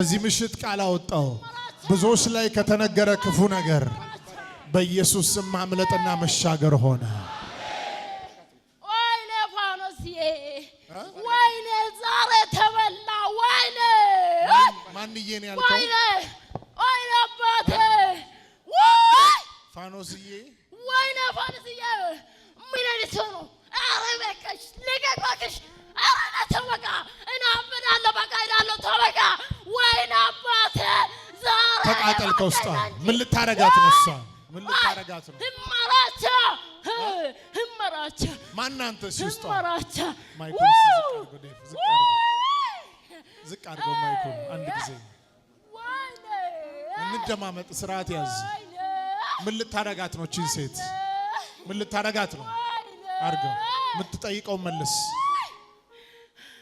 በዚህ ምሽት ቃል አወጣው። ብዙዎች ላይ ከተነገረ ክፉ ነገር በኢየሱስ ስም ማምለጥና መሻገር ሆነ። ወይኔ ፋኖስዬ፣ ወይኔ ዛሬ ተበላ። ወይኔ ማንዬ ነው ያልከው? ወይኔ ወይኔ አባቴ፣ ወይ ፋኖስዬ፣ ወይኔ ፋኖስዬ፣ ምን ነው? ኧረ ከውስጧ? ምን ልታረጋት ነው? እሷ ምን ልታረጋት ነው? ህመራቻ ህመራቻ ማናንተ ሲውስጧ ህመራቻ ዝቅ አድርገው። ማይኩን አንድ ጊዜ እንደማመጥ ስርዓት ያዝ። ምን ልታረጋት ነው? እቺን ሴት ምን ልታረጋት ነው? አድርገው የምትጠይቀው መልስ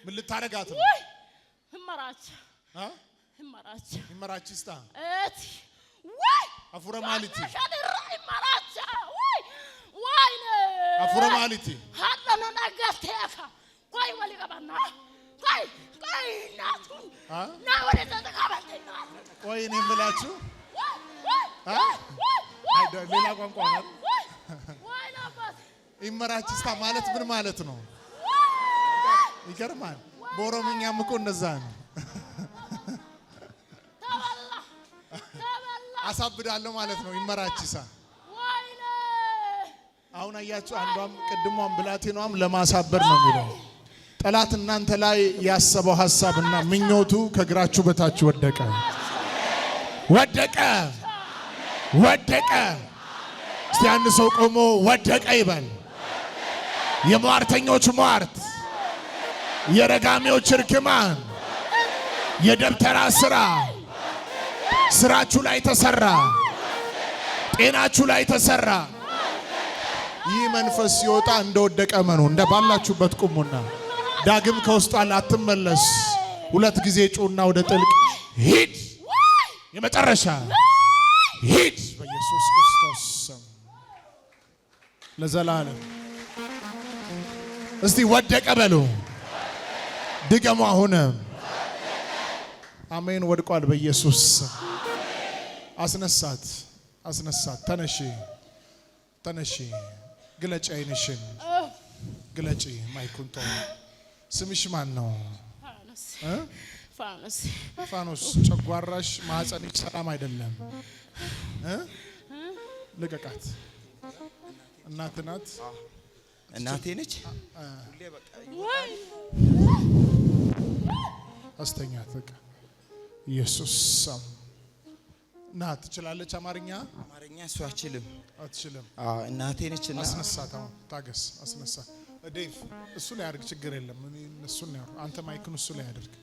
ምን ልታረጋት ነው? ህመራቻ Himarachista. Eti. Wai. Afura maliti. Himaracha. Wai. Wai ne. Afura maliti. Hata na nagateka. Koi wali kabana. Koi koi natu. Na wale tata kabana. Koi ni mbelachu. ሌላ ቋንቋ ነው። ይመራችስታ ማለት ምን ማለት ነው? ይገርማል። በኦሮምኛም እኮ እንደዛ ነው። አሳብዳለሁ ማለት ነው። ይመራችሳ አሁን አያችሁ፣ አንዷም ቅድሟም ብላቴኗም ለማሳበር ነው የሚለው ጠላት እናንተ ላይ ያሰበው ሀሳብና ምኞቱ ከእግራችሁ በታች ወደቀ፣ ወደቀ፣ ወደቀ። እስቲ አንድ ሰው ቆሞ ወደቀ ይበል። የሟርተኞች ሟርት፣ የረጋሚዎች እርክማን የደብተራ ስራ ስራችሁ ላይ ተሰራ፣ ጤናችሁ ላይ ተሰራ። ይህ መንፈስ ሲወጣ እንደወደቀ መኑ እንደ ባላችሁበት ቁሙና ዳግም ከውስጧ አትመለስ። ሁለት ጊዜ ጩና ወደ ጥልቅ ሂድ፣ የመጨረሻ ሂድ። በኢየሱስ ክርስቶስ ስም ለዘላለም እስቲ ወደቀ በሉ ድገሙ አሁንም አሜን። ወድቋል። በኢየሱስ አስነሳት፣ አስነሳት። ተነሺ፣ ተነሺ። ግለጭ አይንሽን ግለጭ ማይኩንቶ ስምሽ ማን ነው? ፋኖስ። ጨጓራሽ፣ ማህፀንሽ ሰላም አይደለም። ልቀቃት። እናት ናት፣ እናቴ ነች። አስተኛት በቃ ኢየሱስ ስም ና። ትችላለች አማርኛ አማርኛ እሱ አችልም አትችልም። እናቴ ነች። አስነሳት። አሁን ታገስ፣ አስነሳት። ዴቭ እሱ ላይ አድርግ፣ ችግር የለም። እሱ አንተ ማይክን እሱ ላይ አድርግ።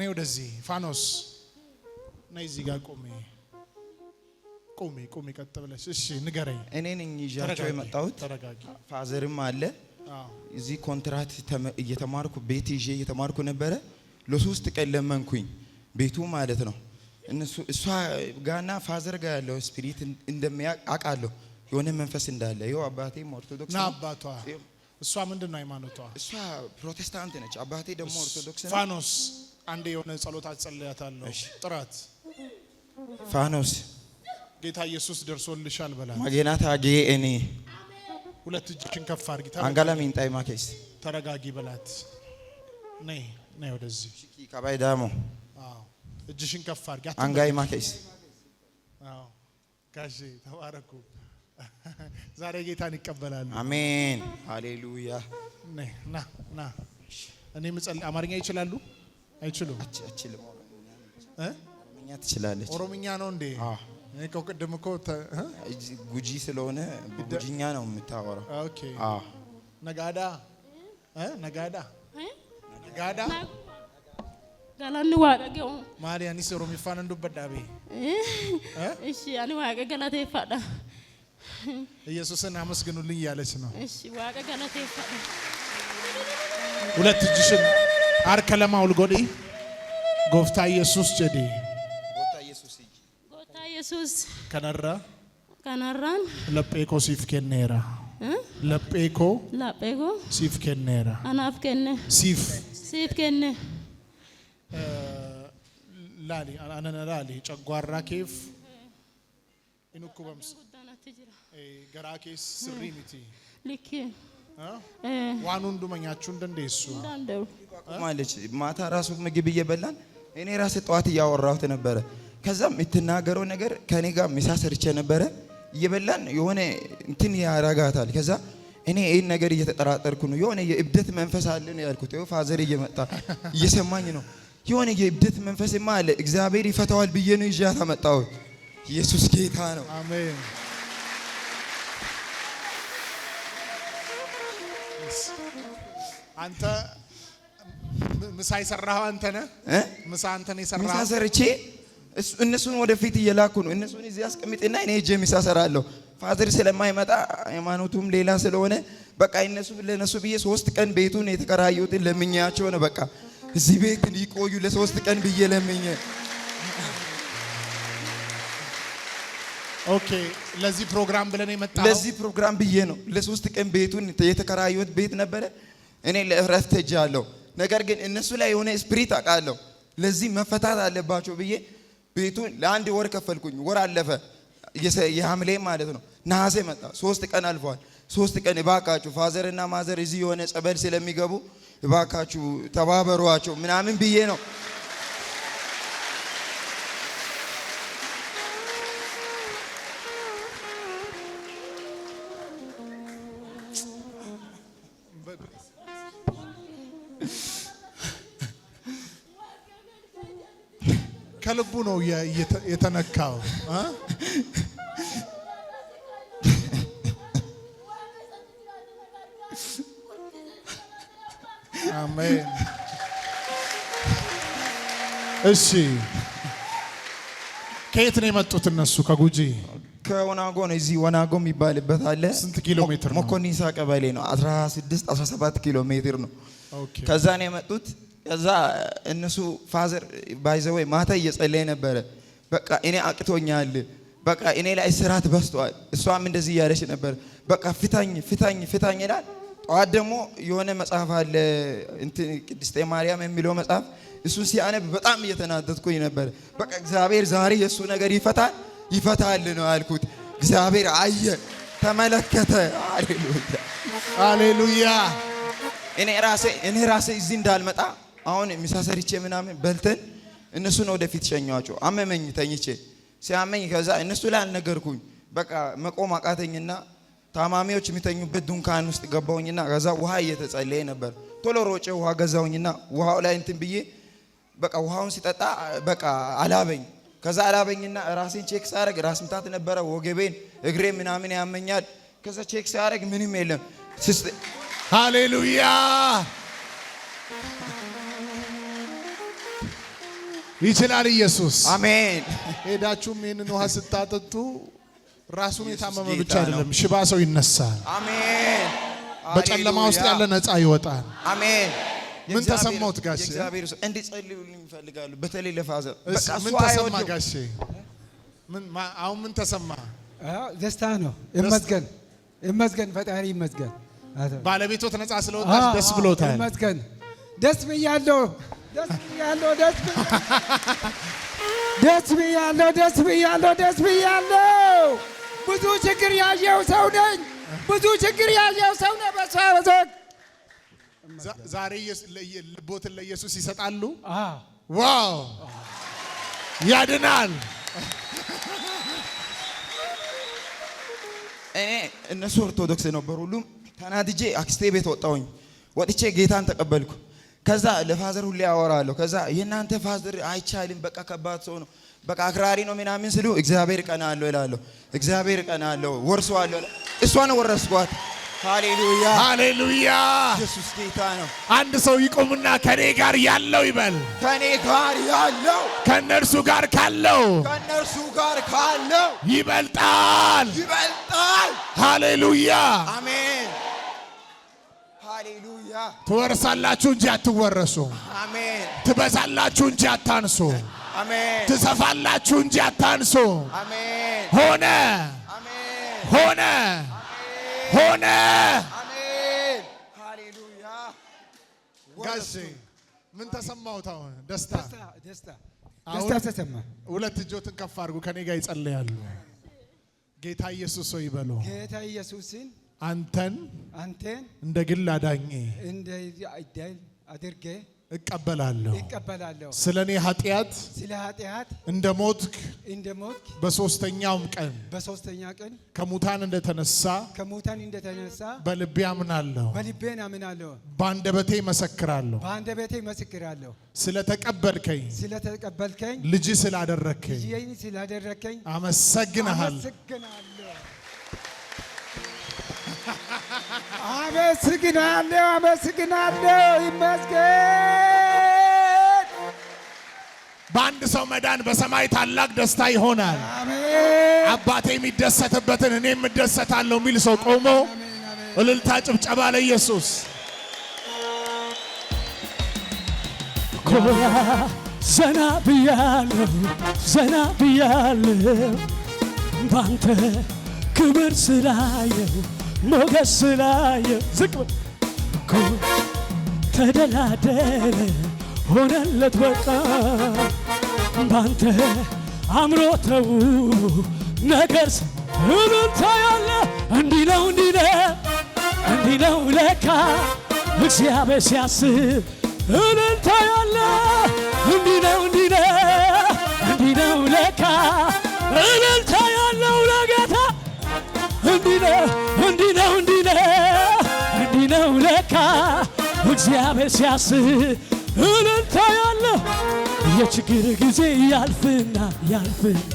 ነይ ወደዚህ ፋኖስ፣ ነይ እዚህ ጋር ቆሜ ቁሚ ቁሚ፣ ቀጥ ብለሽ እሺ፣ ንገረኝ። እኔ ነኝ ይዣቸው የመጣሁት። ተረጋጊ። ፋዘርም አለ እዚህ ኮንትራት እየተማርኩ ቤት ይዤ እየተማርኩ ነበረ። ለሶስት ቀን ለመንኩኝ ቤቱ ማለት ነው። እነሱ እሷ ጋና ፋዘር ጋር ያለው ስፒሪት እንደሚያውቅ አውቃለሁ። የሆነ መንፈስ እንዳለ ይኸው አባቴም ኦርቶዶክስ ና አባቷ እሷ ምንድን ነው ሃይማኖቷ? እሷ ፕሮቴስታንት ነች። አባቴ ደግሞ ኦርቶዶክስ ነው። ፋኖስ አንድ የሆነ ጸሎት አጸልያታለሁ። ጥራት ፋኖስ ጌታ ኢየሱስ ደርሶልሻል በላ ማጌናታ ጌ እኔ ሁለት እጅችን ከፍ አድርጊ። አንጋላ ሚንጣይ ማኬስ ተረጋጊ በላት ነይ ነይ ወደዚህ ካባይ ዳሞ እጅሽን ከፍ አድርጊ። አንጋይ ማከይስ ጋሼ ተባረኩ። ዛሬ ጌታን ይቀበላሉ። አሜን ሃሌሉያ። ና ና እኔ ምጸል አማርኛ ይችላሉ? አይችሉም? አይችልም። ኦሮምኛ ትችላለች። ኦሮምኛ ነው እንዴ? እኔ ቅድም እኮ ጉጂ ስለሆነ ጉጂኛ ነው የምታወራው። ነጋዳ ነጋዳ ነጋዳ Galanni waaqa ga'u. Maali anis Oromiffaan hin dubbadhaa bee. Ishi ani waaqa ኢየሱስን አመስግኑልኝ እያለች ነው። እሺ ዋቀ ገለቴፈ ሁለት እጅሽን አርከለማ ውልጎዲ ጎፍታ ኢየሱስ ጀዲ ጎፍታ ኢየሱስ ከነራ ከነራን ለጴኮ ሲፍ ኬኔራ ለጴኮ ለጴኮ ሲፍ ኬኔራ አናፍ ኬኔ ሲፍ ሲፍ ኬኔ ላሊ አነነ ላሊ ጨጓራ ኬፍ ኢንኩበምስ ገራ ኬስ ስሪ ሚቲ ልክ ዋን ሁንዱመኛችሁ እንደንደሱ ማለች ማታ ራሱ ምግብ እየበላን እኔ ራሴ ጠዋት እያወራሁት ነበረ። ከዛም የምትናገረው ነገር ከኔ ጋር ምሳ ሰርቼ ነበረ እየበላን የሆነ እንትን ያረጋታል። ከዛ እኔ ይህን ነገር እየተጠራጠርኩ ነው፣ የሆነ የእብደት መንፈስ አለ ነው ያልኩት። ፋዘር እየመጣ እየሰማኝ ነው የሆነ የእብደት መንፈስማ አለ። እግዚአብሔር ይፈታዋል ብዬ ነው ይዣ ታመጣሁት። ኢየሱስ ጌታ ነው። አሜን። አንተ ምሳ የሰራኸው አንተ ነህ። ምሳ አንተ ነው የሰራኸው። ምሳ ሰርቼ እነሱን ወደፊት እየላኩ ነው። እነሱን እዚህ አስቀምጥና እኔ ሄጄ ምሳ ሰራለሁ። ፋዘር ስለማይመጣ ሃይማኖቱም ሌላ ስለሆነ በቃ እነሱ ለነሱ ብዬ ሶስት ቀን ቤቱን የተከራየሁትን ለምኛቸው ነው በቃ እዚህ ቤት እንዲቆዩ ለሶስት ቀን ብዬ ለምኝ። ኦኬ ለዚህ ፕሮግራም ብለን የመጣ ለዚህ ፕሮግራም ብዬ ነው። ለሶስት ቀን ቤቱን የተከራዩት ቤት ነበረ። እኔ ለእረፍት ሄጃለሁ። ነገር ግን እነሱ ላይ የሆነ ስፕሪት አውቃለሁ። ለዚህ መፈታት አለባቸው ብዬ ቤቱን ለአንድ ወር ከፈልኩኝ። ወር አለፈ፣ የሐምሌ ማለት ነው። ነሐሴ መጣ። ሶስት ቀን አልፏል። ሶስት ቀን እባካችሁ ፋዘር እና ማዘር እዚህ የሆነ ጸበል ስለሚገቡ እባካችሁ ተባበሯቸው ምናምን ብዬ ነው ከልቡ ነው የተነካው። አሜን። እሺ ከየት ነው የመጡት እነሱ? ከጉጂ ከወናጎ ነው። እዚህ ወናጎ የሚባልበት አለ። ስንት ኪሎ ሜትር ነው? መኮኒሳ ቀበሌ ነው። 16 17 ኪሎ ሜትር ነው። ከዛ ነው የመጡት። ከዛ እነሱ ፋዘር ባይዘወይ ማታ እየጸለየ ነበረ። በቃ እኔ አቅቶኛል፣ በቃ እኔ ላይ ስራት በስቷል። እሷም እንደዚህ እያለች ነበር። በቃ ፍታኝ፣ ፍታኝ፣ ፍታኝ ይላል ጠዋት ደግሞ የሆነ መጽሐፍ አለ ቅድስተ ማርያም የሚለው መጽሐፍ እሱን ሲያነብ በጣም እየተናደድኩኝ ነበር። በቃ እግዚአብሔር ዛሬ የእሱ ነገር ይፈታል ይፈታል ነው ያልኩት። እግዚአብሔር አየ፣ ተመለከተ። አሌሉያ አሌሉያ። እኔ ራሴ እኔ ራሴ እዚህ እንዳልመጣ አሁን ምሳ ምናምን በልተን እነሱን ወደፊት ሸኘኋቸው። አመመኝ ተኝቼ ሲያመኝ፣ ከዛ እነሱ ላይ አልነገርኩኝ። በቃ መቆም አቃተኝና ታማሚዎች የሚተኙበት ድንኳን ውስጥ ገባውኝና ከዛ ውሃ እየተጸለየ ነበር። ቶሎ ሮጬ ውሃ ገዛውኝና ውሃው ላይ እንትን ብዬ በቃ ውሃውን ሲጠጣ በቃ አላበኝ። ከዛ አላበኝና ራሴን ቼክ ሳደረግ ራስ ምታት ነበረ፣ ወገቤን፣ እግሬ ምናምን ያመኛል። ከዛ ቼክ ሳደርግ ምንም የለም። ሃሌሉያ ይችላል ኢየሱስ። አሜን። ሄዳችሁም ይህንን ውሃ ስታጠጡ ራሱን የታመመ ብቻ አይደለም፣ ሽባ ሰው ይነሳል። አሜን። በጨለማ ውስጥ ያለ ነፃ ይወጣል። አሜን። ምን ተሰማሁት ጋሼ? እንዲጸልዩልኝ ይፈልጋሉ። በተለይ ለፋዘር በቃ ምን ተሰማ ጋሼ? ምን አሁን ምን ተሰማ? ደስታ ነው። ይመስገን ይመስገን፣ ፈጣሪ ይመስገን። ባለቤቶት ነፃ ስለወጣ ደስ ብሎታል። ይመስገን። ደስ ብያለሁ፣ ደስ ብያለሁ፣ ደስ ብያለሁ፣ ደስ ብያለሁ፣ ደስ ብያለሁ ብዙ ችግር ያየው ሰው ነኝ። ብዙ ችግር ያየው ሰው ነኝ። በሷ በዘግ ዛሬ ልቦትን ለኢየሱስ ይሰጣሉ። ዋው ያድናል። እኔ እነሱ ኦርቶዶክስ የነበሩ ሁሉም ተናድጄ አክስቴ ቤት ወጣሁኝ። ወጥቼ ጌታን ተቀበልኩ። ከዛ ለፋዘር ሁሌ አወራለሁ። ከዛ የእናንተ ፋዘር አይቻልም፣ በቃ ከባድ ሰው ነው በቃ አክራሪ ነው ምናምን ስሉ እግዚአብሔር ቀና እላለሁ። እግዚአብሔር ቀና አለው እሷን ወረስኳት። ሃሌሉያ ሃሌሉያ። ኢየሱስ ጌታ ነው። አንድ ሰው ይቆምና ከኔ ጋር ያለው ይበል። ከኔ ጋር ያለው ከነርሱ ጋር ካለው ከነርሱ ጋር ካለው ይበልጣል ይበልጣል። ሃሌሉያ አሜን። ሃሌሉያ። ትወርሳላችሁ እንጂ አትወረሱ። አሜን። ትበዛላችሁ እንጂ አታንሱ። ትሰፋላችሁ እንጂ አታንሱ። ሆነ ሆነ ሆነ። ጋሼ ምን ተሰማሁት? አሁን ደስታ ደስታ ተሰማ። ሁለት እጆትን ከፍ አድርጉ፣ ከኔ ጋር ይጸልያሉ። ጌታ ኢየሱስ ሆይ በሉ። ጌታ ኢየሱስን አንተን አንተን እንደ ግል አዳኜ እንደ አድርጌ እቀበላለሁ እቀበላለሁ ስለ እኔ ኃጢአት ስለ ኃጢአት እንደ ሞትክ እንደ ሞትክ በሶስተኛውም ቀን በሶስተኛ ቀን ከሙታን እንደተነሳ ከሙታን እንደተነሳ በልቤ አምናለሁ በልቤ አምናለሁ በአንደበቴ መሰክራለሁ በአንደበቴ መሰክራለሁ ስለ ተቀበልከኝ ስለ ተቀበልከኝ ልጅ ስላደረከኝ ልጅ ስላደረከኝ አመሰግናለሁ አመሰግናለሁ አመሰግናለሁ፣ አመሰግናለሁ። ይመስገን። በአንድ ሰው መዳን በሰማይ ታላቅ ደስታ ይሆናል። አባቴ የሚደሰትበትን እኔ የምደሰታለሁ የሚል ሰው ቆሞ እልልታ፣ ጭብጨባ ለኢየሱስ ኮራ ዘና ብያለሁ፣ ዘና ብያለሁ ባንተ ክብር ስላየሁ ሞገስ ስላየ ዝቅ ኩ ተደላደለ ሆነለት በቃ ባንተ አምሮ ተው ነገርስ እሉልታ ያለ እንዲህ ነው እንዲህ ነው እንዲህ ነው ለካ እግዚአብሔር ሲያስብ እልልታ ያለ እንዲህ ነው እንዲህ ነው እንዲህ ነው ለካ እልልታ እግዚአብሔር ሲያስብ እልልታ ያለው የችግር ጊዜ ያልፍና ያልፍና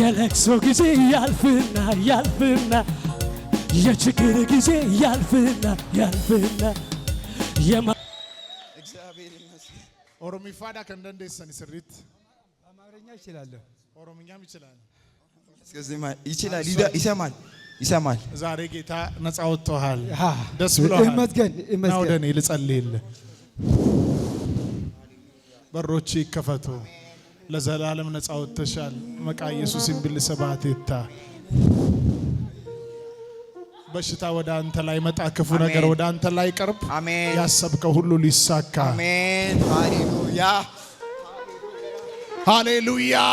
የለቅሶ ጊዜ ያልፍና ያልፍና የችግር ጊዜ ያልፍና ያልፍና እግዚአብሔር ይመስገን። ከንደንዴ ሰን ስሪት አማርኛ ይችላለሁ፣ ኦሮምኛም ይችላል፣ ይሰማል ይሰማል። ዛሬ ጌታ ነፃ ወጥተሃል። ደስ ብሎሃል። ይመስገን ይመስገን። ወደ እኔ ልጸልይልህ። በሮች ይከፈቱ። ለዘላለም ነፃ ወጥተሻል። መቃ ኢየሱስ ይብል ሰባት ይታ በሽታ ወደ አንተ ላይ መጣ። ክፉ ነገር ወደ አንተ ላይ ቀርብ። ያሰብከው ሁሉ ሊሳካ አሜን። ሃሌሉያ ሃሌሉያ